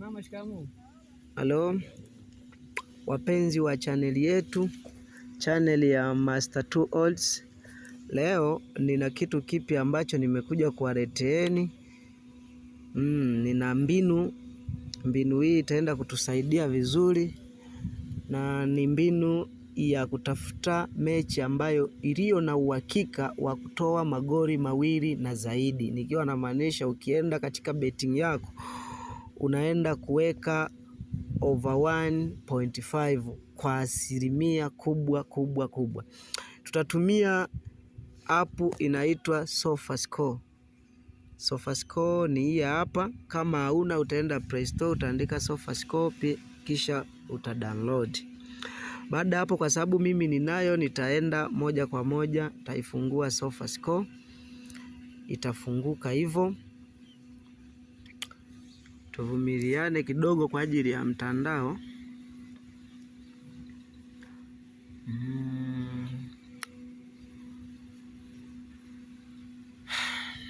Mama, shikamoo. Halo wapenzi wa chaneli yetu, chaneli ya Master Two Olds. Leo nina kitu kipya ambacho nimekuja kuwaleteeni. Mm, nina mbinu. Mbinu hii itaenda kutusaidia vizuri, na ni mbinu ya kutafuta mechi ambayo iliyo na uhakika wa kutoa magori mawili na zaidi, nikiwa namaanisha ukienda katika betting yako unaenda kuweka over 1.5 kwa asilimia kubwa kubwa kubwa. Tutatumia apu inaitwa SofaScore. SofaScore ni hii hapa. Kama hauna utaenda Play Store utaandika SofaScore kisha utadownload. Baada hapo, kwa sababu mimi ninayo, nitaenda moja kwa moja, taifungua SofaScore, itafunguka hivyo tuvumiliane kidogo kwa ajili ya mtandao hmm.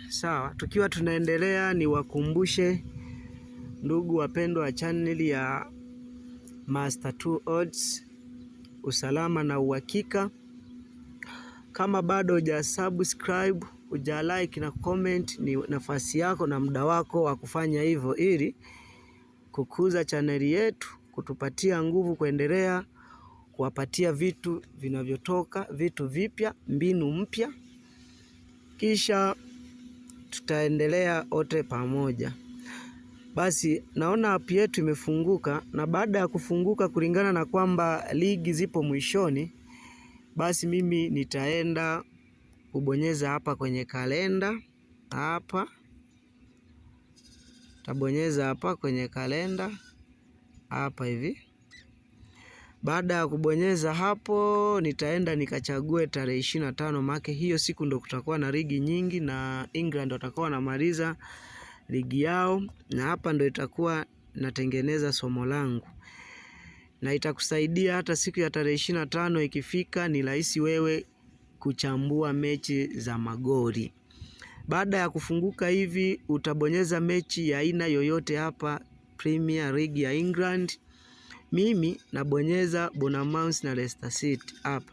Sawa, tukiwa tunaendelea, niwakumbushe ndugu wapendwa wa channel ya Master2Odds, usalama na uhakika. Kama bado hujasubscribe, hujalike na comment, ni nafasi yako na muda wako wa kufanya hivyo ili kukuza chaneli yetu, kutupatia nguvu kuendelea kuwapatia vitu vinavyotoka, vitu vipya, mbinu mpya, kisha tutaendelea wote pamoja. Basi naona app yetu imefunguka, na baada ya kufunguka, kulingana na kwamba ligi zipo mwishoni basi mimi nitaenda kubonyeza hapa kwenye kalenda hapa, tabonyeza hapa kwenye kalenda hapa hivi. Baada ya kubonyeza hapo, nitaenda nikachague tarehe ishirini na tano make hiyo siku ndo kutakuwa na ligi nyingi na England watakuwa wanamaliza ligi yao, na hapa ndo itakuwa natengeneza somo langu na itakusaidia hata siku ya tarehe ishirini na tano ikifika, ni rahisi wewe kuchambua mechi za magori Baada ya kufunguka hivi, utabonyeza mechi ya aina yoyote hapa Premier League ya England. Mimi nabonyeza Bournemouth na Leicester City hapa.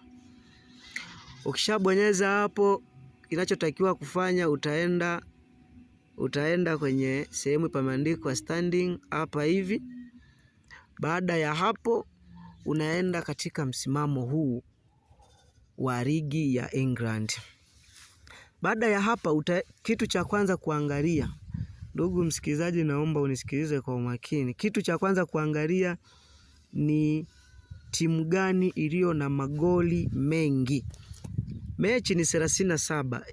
Ukishabonyeza hapo, kinachotakiwa kufanya utaenda utaenda kwenye sehemu pameandikwa standing hapa hivi baada ya hapo unaenda katika msimamo huu wa ligi ya England. Baada ya hapa uta, kitu cha kwanza kuangalia, ndugu msikilizaji, naomba unisikilize kwa umakini. Kitu cha kwanza kuangalia ni timu gani iliyo na magoli mengi. Mechi ni thelathini na saba,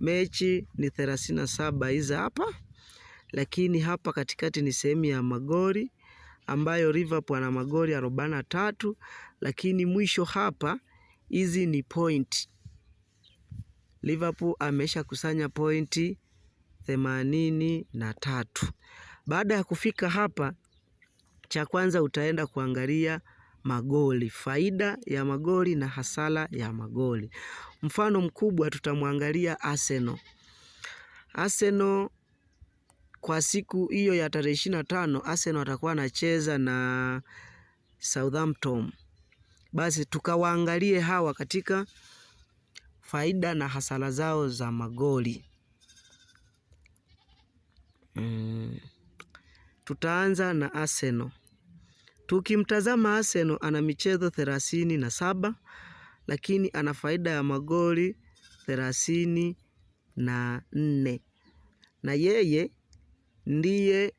mechi ni thelathini na saba hizi hapa, lakini hapa katikati ni sehemu ya magoli ambayo Liverpool ana magoli 43, lakini mwisho hapa hizi ni point. Liverpool amesha kusanya pointi themanini na tatu. Baada ya kufika hapa, cha kwanza utaenda kuangalia magoli, faida ya magoli na hasara ya magoli. Mfano mkubwa tutamwangalia Arsenal. Arsenal kwa siku hiyo ya tarehe ishirini na tano Arsenal watakuwa anacheza na Southampton. Basi tukawaangalie hawa katika faida na hasara zao za magoli. Mm. Tutaanza na Arsenal. Tukimtazama Arsenal ana michezo thelathini na saba lakini ana faida ya magoli thelathini na nne na yeye ndiye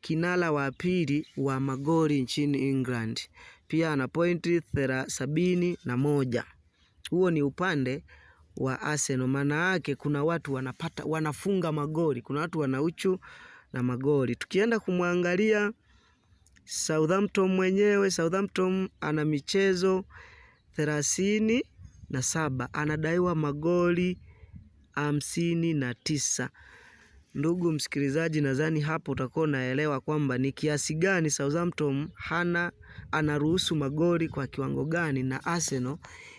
kinala wa pili wa magoli nchini England. Pia ana pointi sabini na moja. Huo ni upande wa Arsenal. Maana yake kuna watu wanapata, wanafunga magoli, kuna watu wana uchu na magoli. Tukienda kumwangalia Southampton mwenyewe, Southampton ana michezo thelathini na saba, anadaiwa magoli hamsini na tisa. Ndugu msikilizaji, nadhani hapo utakuwa unaelewa kwamba ni kiasi gani Southampton hana anaruhusu magoli kwa kiwango gani na Arsenal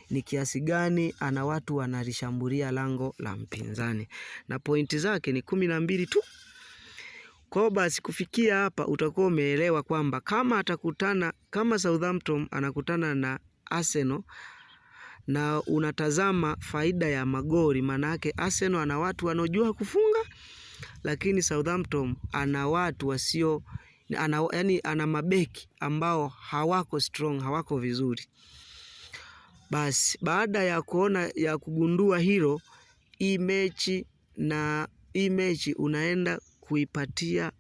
ni kiasi gani ana watu wanalishambulia lango la mpinzani, na pointi zake ni kumi na mbili tu. Kwa basi, kufikia hapa utakuwa umeelewa kwamba kama atakutana kama Southampton anakutana na Arsenal na unatazama faida ya magoli, maana yake Arsenal ana watu wanaojua kufunga lakini Southampton ana watu wasio ana, yani ana mabeki ambao hawako strong, hawako vizuri. Basi baada ya kuona ya kugundua hilo, hii mechi na hii mechi unaenda kuipatia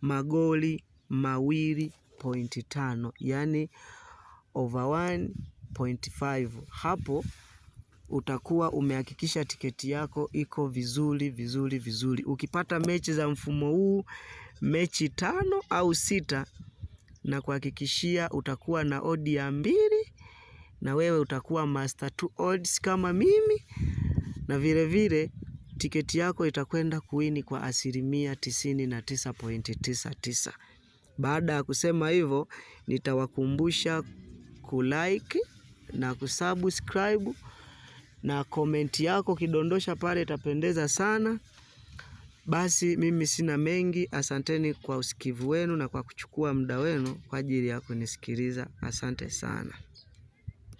magoli mawili pointi tano, yani over 1.5 hapo utakuwa umehakikisha tiketi yako iko vizuri vizuri vizuri. Ukipata mechi za mfumo huu mechi tano au sita, na kuhakikishia utakuwa na odi ya mbili, na wewe utakuwa master two odds kama mimi, na vilevile vile, tiketi yako itakwenda kuwini kwa asilimia tisini na tisa pointi tisa tisa. Baada ya kusema hivyo, nitawakumbusha kulike na kusubscribe na komenti yako kidondosha pale itapendeza sana. Basi mimi sina mengi, asanteni kwa usikivu wenu na kwa kuchukua muda wenu kwa ajili ya kunisikiliza. Asante sana.